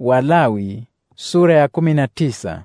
Walawi sura ya 19.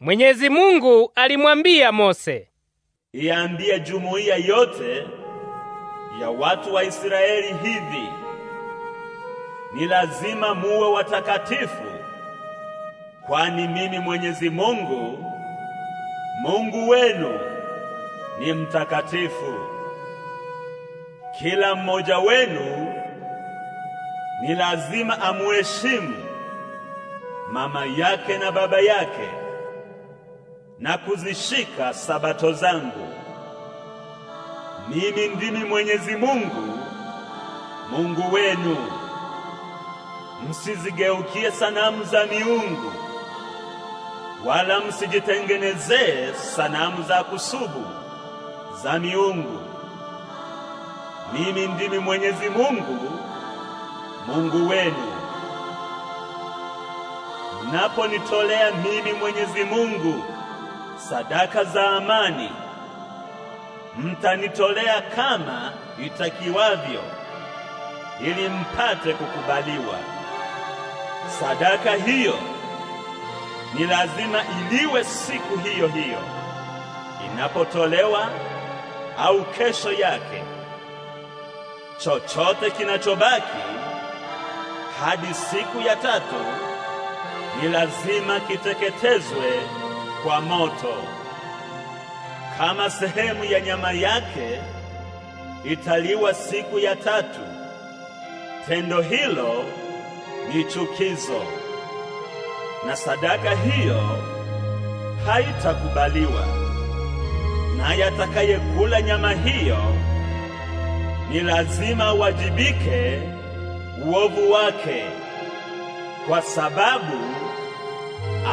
Mwenyezi Mungu alimwambia Mose, iambie jumuiya yote ya watu wa Israeli hivi: ni lazima muwe watakatifu, kwani mimi Mwenyezi Mungu Mungu wenu ni mtakatifu. Kila mmoja wenu ni lazima amuheshimu mama yake na baba yake na kuzishika sabato zangu. Mimi ndimi Mwenyezi Mungu, Mungu wenu. Msizigeukie sanamu za miungu wala msijitengenezee sanamu za kusubu za miungu. Mimi ndimi Mwenyezi Mungu Mungu wenu. Mnaponitolea mimi Mwenyezi Mungu sadaka za amani, mtanitolea kama itakiwavyo, ili mpate kukubaliwa. Sadaka hiyo ni lazima iliwe siku hiyo hiyo inapotolewa au kesho yake. Chochote kinachobaki hadi siku ya tatu ni lazima kiteketezwe kwa moto. Kama sehemu ya nyama yake italiwa siku ya tatu, tendo hilo ni chukizo, na sadaka hiyo haitakubaliwa. Naye atakayekula nyama hiyo ni lazima wajibike uovu wake, kwa sababu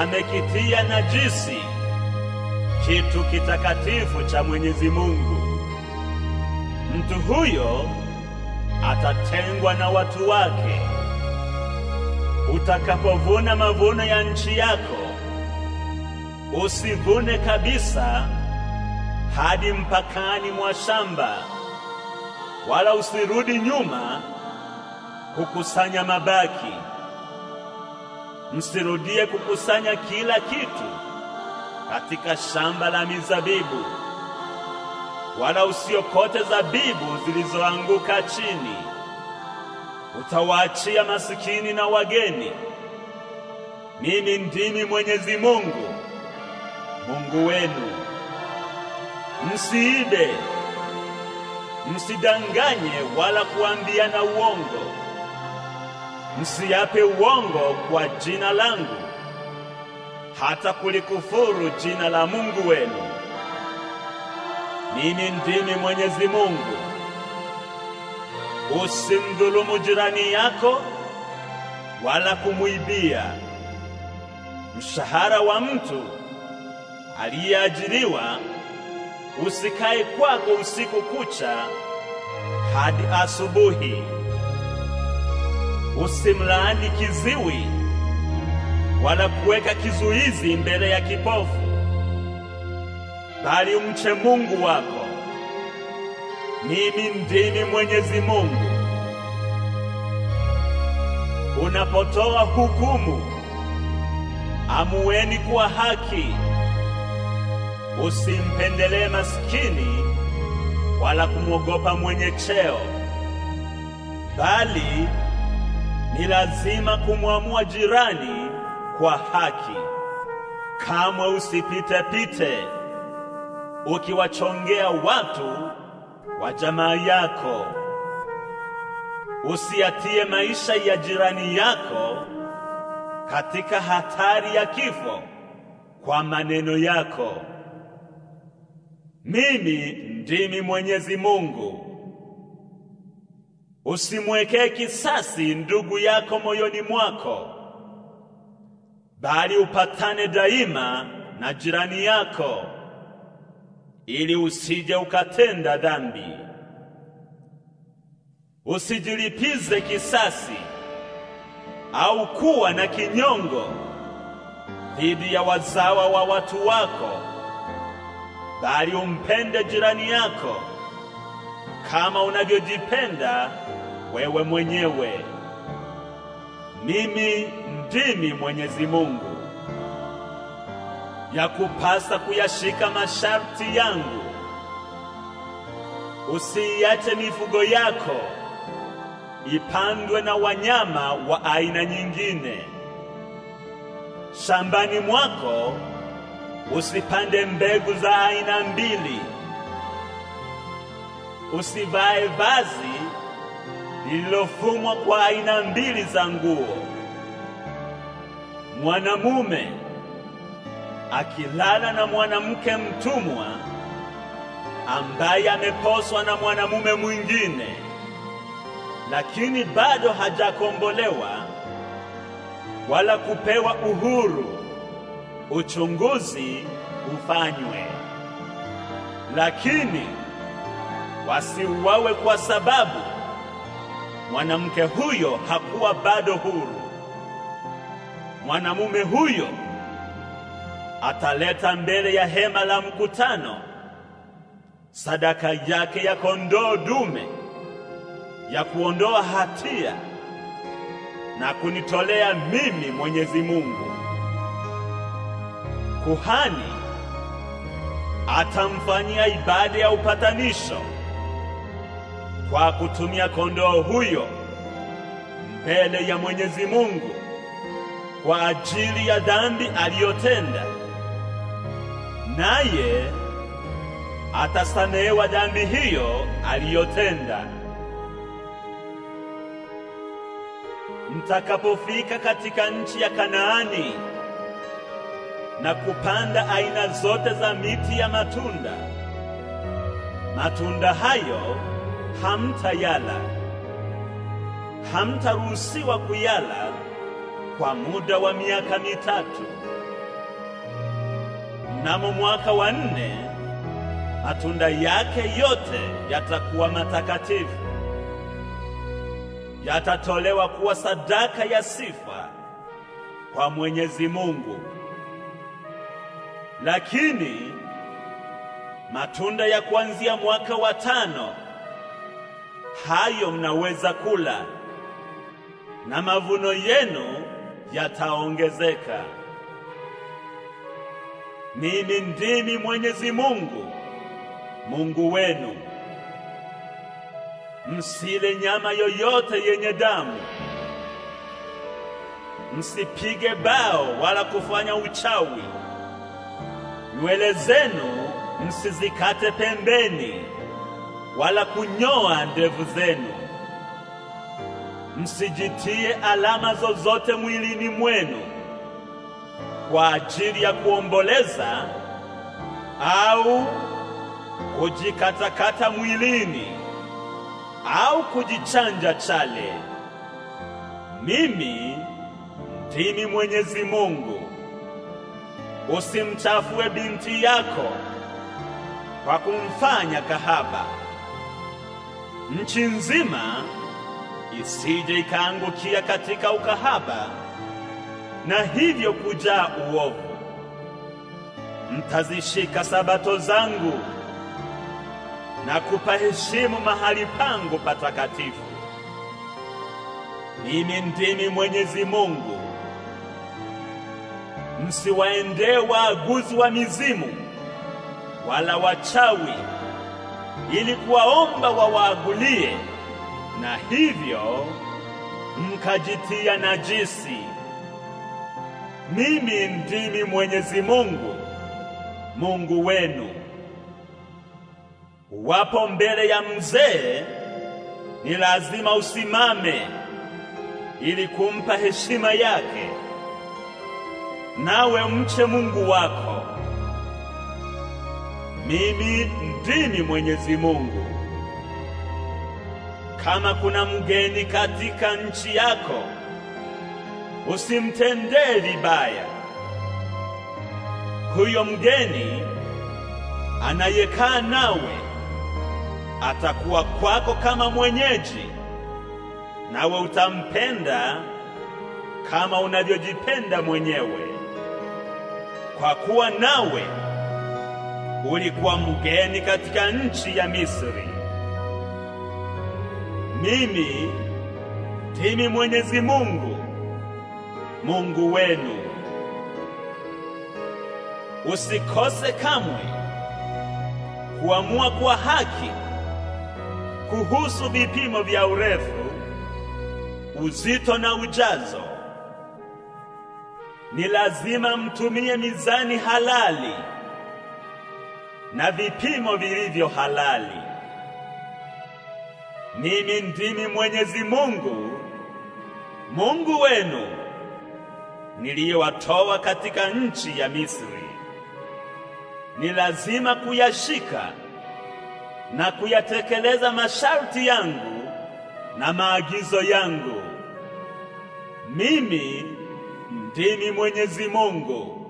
amekitia najisi kitu kitakatifu cha Mwenyezi Mungu. Mtu huyo atatengwa na watu wake. Utakapovuna mavuno ya nchi yako, usivune kabisa hadi mpakani mwa shamba, wala usirudi nyuma kukusanya mabaki. Msirudie kukusanya kila kitu katika shamba la mizabibu, wala usiokote zabibu zilizoanguka chini. Utawaachia masikini na wageni. Mimi ndimi Mwenyezi Mungu Mungu wenu. Msiibe, msidanganye wala na uongo msiape uongo kwa jina langu, hata kulikufuru jina la Mungu wenu. Mimi ndimi Mwenyezi Mungu. Usimdhulumu jirani yako wala kumwibia. Mshahara wa mtu aliyeajiriwa usikae kwako usiku kucha hadi asubuhi. Usimlaani kiziwi wala kuweka kizuizi mbele ya kipofu, bali umche Mungu wako. Mimi ndimi Mwenyezi Mungu. Unapotoa hukumu, amuweni kwa haki. Usimpendelee maskini wala kumwogopa mwenye cheo, bali ni lazima kumwamua jirani kwa haki. Kamwe usipitepite ukiwachongea watu wa jamaa yako. Usiatie maisha ya jirani yako katika hatari ya kifo kwa maneno yako. Mimi ndimi Mwenyezi Mungu. Usimwekee kisasi ndugu yako moyoni mwako, bali upatane daima na jirani yako, ili usije ukatenda dhambi. Usijilipize kisasi au kuwa na kinyongo dhidi ya wazawa wa watu wako, bali umpende jirani yako kama unavyojipenda wewe mwenyewe. Mimi ndimi Mwenyezi Mungu. Yakupasa kuyashika masharti yangu, usiiache mifugo yako ipandwe na wanyama wa aina nyingine. Shambani mwako usipande mbegu za aina mbili, Usivae vazi lililofumwa kwa aina mbili za nguo, mwanamume akilala na mwanamke mtumwa ambaye ameposwa na mwanamume mwingine, lakini bado hajakombolewa wala kupewa uhuru. Uchunguzi ufanywe, lakini wasiuawe kwa sababu mwanamke huyo hakuwa bado huru. Mwanamume huyo ataleta mbele ya hema la mkutano sadaka yake ya kondoo dume ya kuondoa hatia na kunitolea mimi Mwenyezi Mungu. Kuhani atamfanyia ibada ya upatanisho kwa kutumia kondoo huyo mbele ya Mwenyezi Mungu kwa ajili ya dhambi aliyotenda, naye atasamehewa dhambi hiyo aliyotenda. Mtakapofika katika nchi ya Kanaani na kupanda aina zote za miti ya matunda, matunda hayo hamtayala, hamtaruhusiwa kuyala kwa muda wa miaka mitatu. Mnamo mwaka wa nne matunda yake yote yatakuwa matakatifu, yatatolewa kuwa sadaka ya sifa kwa Mwenyezi Mungu. Lakini matunda ya kuanzia mwaka wa tano hayo mnaweza kula na mavuno yenu yataongezeka. Mimi ndimi Mwenyezi Mungu Mungu wenu. Msile nyama yoyote yenye damu. Msipige bao wala kufanya uchawi. Nywele zenu msizikate pembeni wala kunyoa ndevu zenu. Msijitie alama zozote mwilini mwenu kwa ajili ya kuomboleza au kujikatakata mwilini au kujichanja chale. Mimi ndimi Mwenyezi Mungu. Usimchafue binti yako kwa kumfanya kahaba nchi nzima isije ikaangukia katika ukahaba na hivyo kujaa uovu. Mtazishika sabato zangu na kupaheshimu mahali pangu patakatifu. Mimi ndimi Mwenyezi Mungu. Msiwaendee waaguzi wa mizimu wala wachawi ili kuwaomba wawaagulie, na hivyo mkajitia najisi. Mimi ndimi Mwenyezi Mungu, Mungu wenu. Wapo mbele ya mzee, ni lazima usimame ili kumpa heshima yake, nawe mche Mungu wako mimi ndimi Mwenyezi Mungu. Kama kuna mgeni katika nchi yako, usimtendee vibaya. Huyo mgeni anayekaa nawe atakuwa kwako kama mwenyeji, nawe utampenda kama unavyojipenda mwenyewe, kwa kuwa nawe ulikuwa mgeni katika nchi ya Misri. Mimi ndimi Mwenyezi Mungu Mungu wenu. Usikose kamwe kuamua kwa haki kuhusu vipimo vya urefu, uzito na ujazo. Ni lazima mtumie mizani halali na vipimo vilivyo halali. Mimi ndimi Mwenyezi Mungu, Mungu wenu niliyewatoa katika nchi ya Misri. Ni lazima kuyashika na kuyatekeleza masharti yangu na maagizo yangu. Mimi ndimi Mwenyezi Mungu.